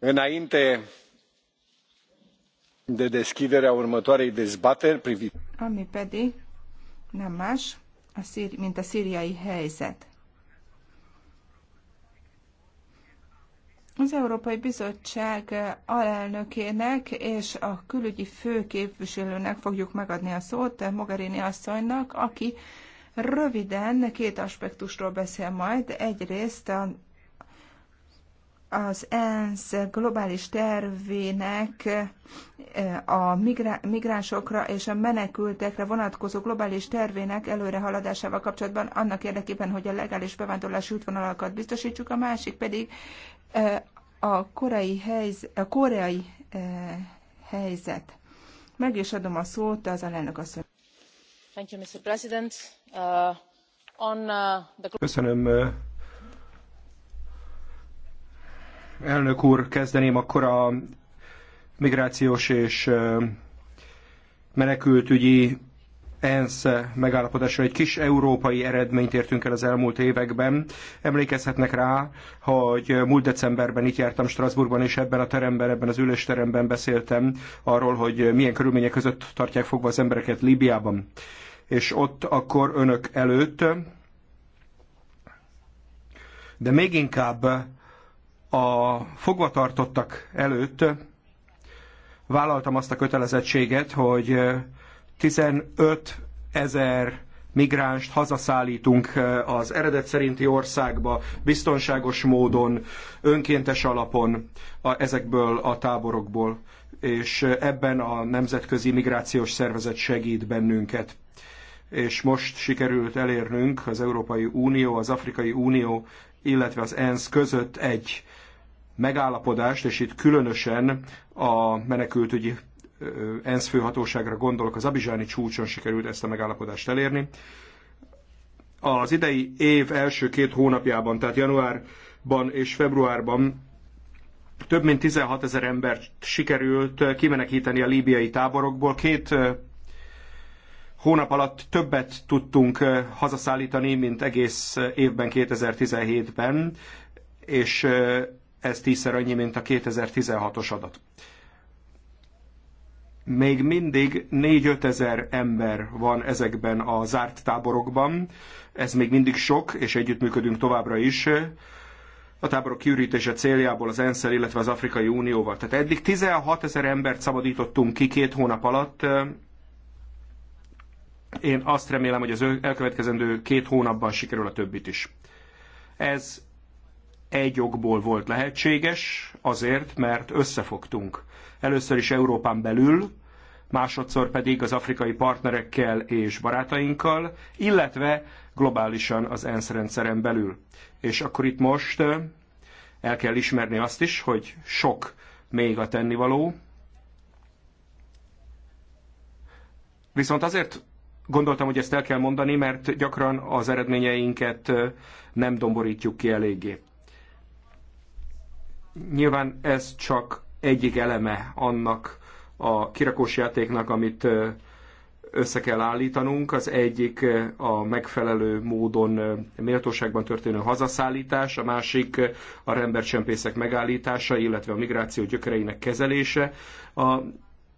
înainte de deschiderea următoarei dezbateri privind. Ami pedig nem más, a szíri, mint a szíriai helyzet. Az Európai Bizottság alelnökének és a külügyi főképviselőnek fogjuk megadni a szót, Mogherini asszonynak, aki röviden két aspektusról beszél majd. Egyrészt a az ENSZ globális tervének eh, a migránsokra és a menekültekre vonatkozó globális tervének előrehaladásával kapcsolatban annak érdekében, hogy a legális bevándorlási útvonalakat biztosítsuk, a másik pedig eh, a, koreai, helyz, a koreai eh, helyzet. Meg is adom a szót az alelnök asszony. Thank you, Mr. President. Uh, on, uh, the... Köszönöm, uh, Elnök úr, kezdeném akkor a migrációs és menekültügyi ENSZ megállapodásra egy kis európai eredményt értünk el az elmúlt években. Emlékezhetnek rá, hogy múlt decemberben itt jártam Strasbourgban, és ebben a teremben, ebben az ülésteremben beszéltem arról, hogy milyen körülmények között tartják fogva az embereket Líbiában. És ott akkor önök előtt, de még inkább a fogvatartottak előtt vállaltam azt a kötelezettséget, hogy 15 ezer migránst hazaszállítunk eh, az eredet szerinti országba biztonságos módon, önkéntes alapon a, ezekből a táborokból, és ebben a Nemzetközi Migrációs Szervezet segít bennünket. És most sikerült elérnünk az Európai Unió, az Afrikai Unió, illetve az ENSZ között egy megállapodást, és itt különösen a menekültügyi ENSZ főhatóságra gondolok, az Abizsáni csúcson sikerült ezt a megállapodást elérni. Az idei év első két hónapjában, tehát januárban és februárban több mint 16 ezer embert sikerült kimenekíteni a líbiai táborokból. Két hónap alatt többet tudtunk hazaszállítani, mint egész évben 2017-ben, és ez tízszer annyi, mint a 2016-os adat. Még mindig 4-5 ezer ember van ezekben a zárt táborokban, ez még mindig sok, és együttműködünk továbbra is a táborok kiürítése céljából az ensz illetve az Afrikai Unióval. Tehát eddig 16 ezer embert szabadítottunk ki két hónap alatt. Én azt remélem, hogy az elkövetkezendő két hónapban sikerül a többit is. Ez egy okból volt lehetséges, azért, mert összefogtunk. Először is Európán belül, másodszor pedig az afrikai partnerekkel és barátainkkal, illetve globálisan az ENSZ rendszeren belül. És akkor itt most el kell ismerni azt is, hogy sok még a tennivaló. Viszont azért gondoltam, hogy ezt el kell mondani, mert gyakran az eredményeinket nem domborítjuk ki eléggé. Nyilván ez csak egyik eleme annak a kirakós játéknak, amit össze kell állítanunk. Az egyik a megfelelő módon méltóságban történő hazaszállítás, a másik a rendbercsempészek megállítása, illetve a migráció gyökereinek kezelése a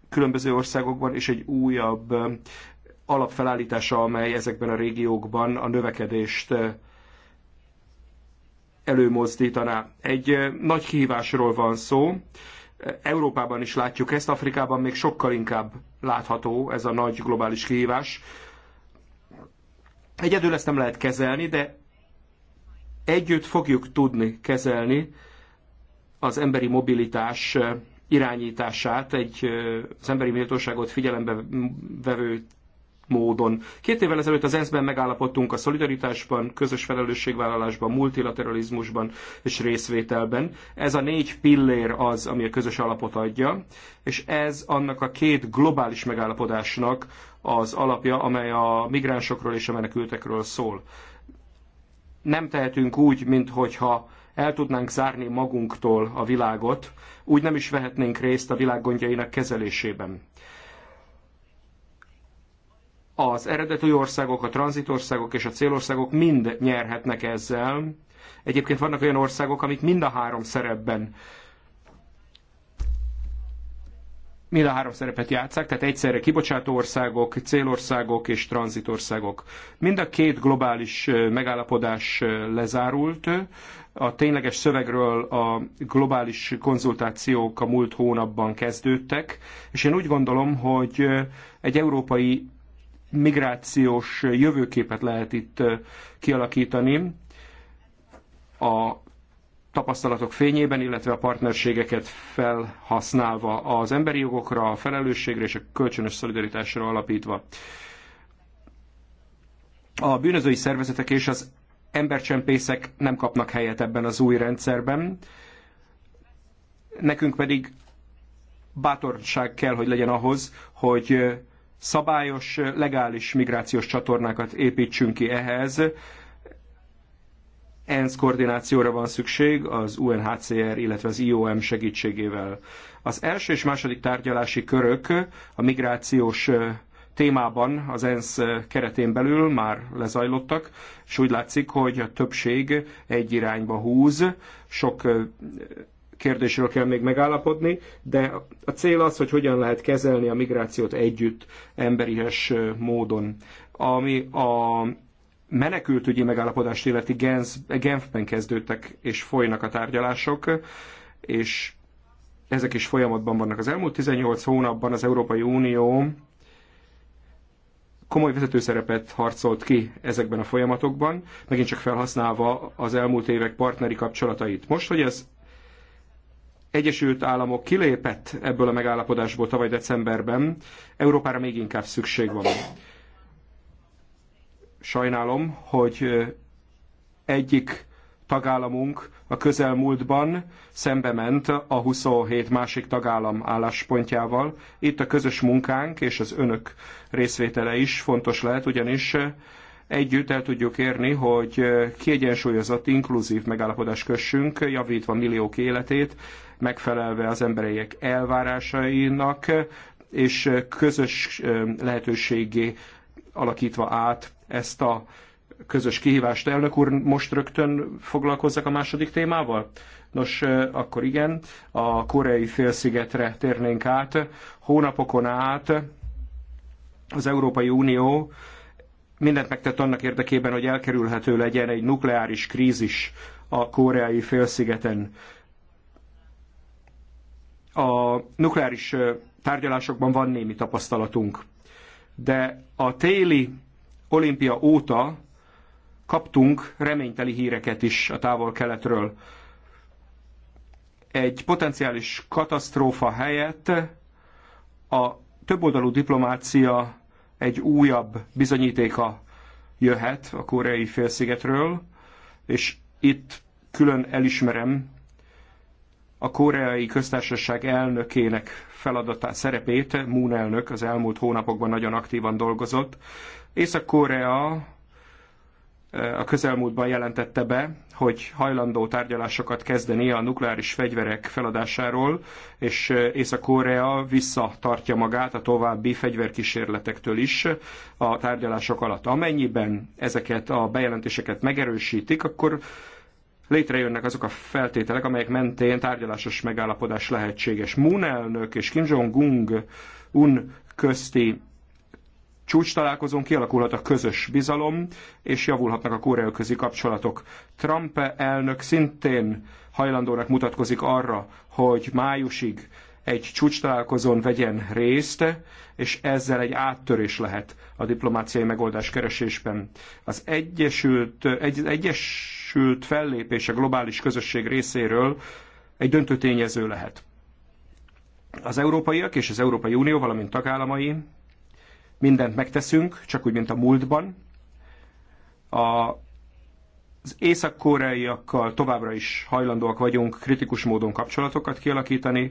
különböző országokban, és egy újabb alapfelállítása, amely ezekben a régiókban a növekedést előmozdítaná. Egy nagy kihívásról van szó, Európában is látjuk ezt, Afrikában még sokkal inkább látható ez a nagy globális kihívás. Egyedül ezt nem lehet kezelni, de együtt fogjuk tudni kezelni az emberi mobilitás irányítását, egy, az emberi méltóságot figyelembe vevő módon. Két évvel ezelőtt az ENSZ-ben megállapodtunk a szolidaritásban, közös felelősségvállalásban, multilateralizmusban és részvételben. Ez a négy pillér az, ami a közös alapot adja, és ez annak a két globális megállapodásnak az alapja, amely a migránsokról és a menekültekről szól. Nem tehetünk úgy, minthogyha el tudnánk zárni magunktól a világot, úgy nem is vehetnénk részt a világ gondjainak kezelésében az eredeti országok, a tranzitországok és a célországok mind nyerhetnek ezzel. Egyébként vannak olyan országok, amik mind a három szerepben mind a három szerepet játszák, tehát egyszerre kibocsátó országok, célországok és tranzitországok. Mind a két globális megállapodás lezárult. A tényleges szövegről a globális konzultációk a múlt hónapban kezdődtek, és én úgy gondolom, hogy egy európai migrációs jövőképet lehet itt kialakítani a tapasztalatok fényében, illetve a partnerségeket felhasználva az emberi jogokra, a felelősségre és a kölcsönös szolidaritásra alapítva. A bűnözői szervezetek és az embercsempészek nem kapnak helyet ebben az új rendszerben, nekünk pedig bátorság kell, hogy legyen ahhoz, hogy szabályos, legális migrációs csatornákat építsünk ki ehhez. ENSZ koordinációra van szükség az UNHCR, illetve az IOM segítségével. Az első és második tárgyalási körök a migrációs témában az ENSZ keretén belül már lezajlottak, és úgy látszik, hogy a többség egy irányba húz, sok kérdésről kell még megállapodni, de a cél az, hogy hogyan lehet kezelni a migrációt együtt, emberihes módon. Ami a menekültügyi megállapodást illeti Genfben kezdődtek és folynak a tárgyalások, és ezek is folyamatban vannak. Az elmúlt 18 hónapban az Európai Unió komoly vezetőszerepet harcolt ki ezekben a folyamatokban, megint csak felhasználva az elmúlt évek partneri kapcsolatait. Most, hogy ez Egyesült Államok kilépett ebből a megállapodásból tavaly decemberben, Európára még inkább szükség van. Sajnálom, hogy egyik tagállamunk a közelmúltban szembe ment a 27 másik tagállam álláspontjával. Itt a közös munkánk és az önök részvétele is fontos lehet, ugyanis együtt el tudjuk érni, hogy kiegyensúlyozott, inkluzív megállapodás kössünk, javítva milliók életét, megfelelve az emberiek elvárásainak, és közös lehetőségé alakítva át ezt a közös kihívást. Elnök úr, most rögtön foglalkozzak a második témával? Nos, akkor igen, a koreai félszigetre térnénk át. Hónapokon át az Európai Unió mindent megtett annak érdekében, hogy elkerülhető legyen egy nukleáris krízis a koreai félszigeten a nukleáris tárgyalásokban van némi tapasztalatunk, de a téli olimpia óta kaptunk reményteli híreket is a távol keletről. Egy potenciális katasztrófa helyett a többoldalú diplomácia egy újabb bizonyítéka jöhet a koreai félszigetről, és itt külön elismerem a koreai köztársaság elnökének feladatát, szerepét Moon elnök az elmúlt hónapokban nagyon aktívan dolgozott. Észak-Korea a közelmúltban jelentette be, hogy hajlandó tárgyalásokat kezdeni a nukleáris fegyverek feladásáról, és Észak-Korea visszatartja magát a további fegyverkísérletektől is a tárgyalások alatt. Amennyiben ezeket a bejelentéseket megerősítik, akkor létrejönnek azok a feltételek, amelyek mentén tárgyalásos megállapodás lehetséges. Moon elnök és Kim Jong-un un közti csúcs találkozón kialakulhat a közös bizalom, és javulhatnak a koreai kapcsolatok. Trump elnök szintén hajlandónak mutatkozik arra, hogy májusig egy csúcs találkozón vegyen részt, és ezzel egy áttörés lehet a diplomáciai megoldás keresésben. Az Egyesült, egy, egyes Egyesült fellépés a globális közösség részéről egy döntő tényező lehet. Az európaiak és az Európai Unió, valamint tagállamai mindent megteszünk, csak úgy, mint a múltban. A az észak-koreaiakkal továbbra is hajlandóak vagyunk kritikus módon kapcsolatokat kialakítani,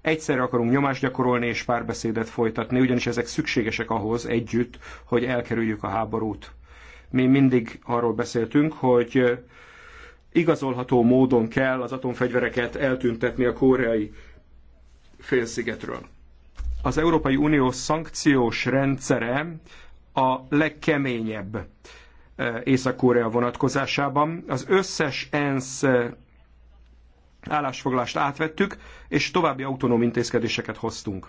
egyszerre akarunk nyomást gyakorolni és párbeszédet folytatni, ugyanis ezek szükségesek ahhoz együtt, hogy elkerüljük a háborút mi mindig arról beszéltünk, hogy igazolható módon kell az atomfegyvereket eltüntetni a koreai félszigetről. Az Európai Unió szankciós rendszere a legkeményebb Észak-Korea vonatkozásában. Az összes ENSZ állásfoglalást átvettük, és további autonóm intézkedéseket hoztunk.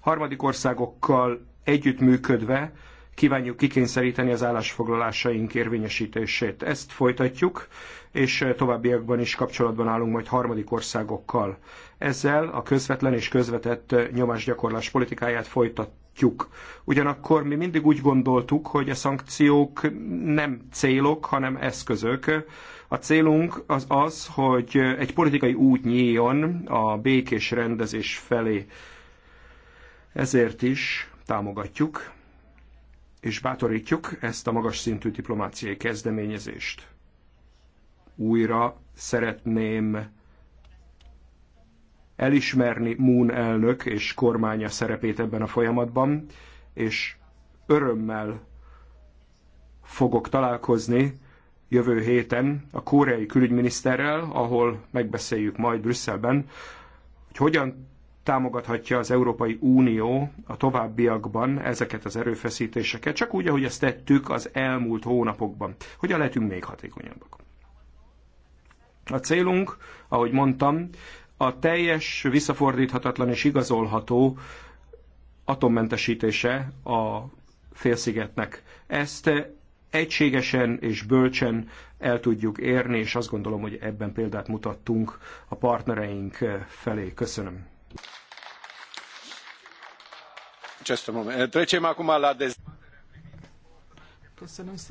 Harmadik országokkal együttműködve kívánjuk kikényszeríteni az állásfoglalásaink érvényesítését. Ezt folytatjuk, és továbbiakban is kapcsolatban állunk majd harmadik országokkal. Ezzel a közvetlen és közvetett nyomásgyakorlás politikáját folytatjuk. Ugyanakkor mi mindig úgy gondoltuk, hogy a szankciók nem célok, hanem eszközök. A célunk az az, hogy egy politikai út nyíljon a békés rendezés felé. Ezért is támogatjuk és bátorítjuk ezt a magas szintű diplomáciai kezdeményezést. Újra szeretném elismerni Moon elnök és kormánya szerepét ebben a folyamatban, és örömmel fogok találkozni jövő héten a koreai külügyminiszterrel, ahol megbeszéljük majd Brüsszelben, hogy hogyan támogathatja az Európai Unió a továbbiakban ezeket az erőfeszítéseket, csak úgy, ahogy ezt tettük az elmúlt hónapokban. Hogyan lehetünk még hatékonyabbak? A célunk, ahogy mondtam, a teljes, visszafordíthatatlan és igazolható atommentesítése a félszigetnek. Ezt egységesen és bölcsen el tudjuk érni, és azt gondolom, hogy ebben példát mutattunk a partnereink felé. Köszönöm. Eh, Köszönöm szépen.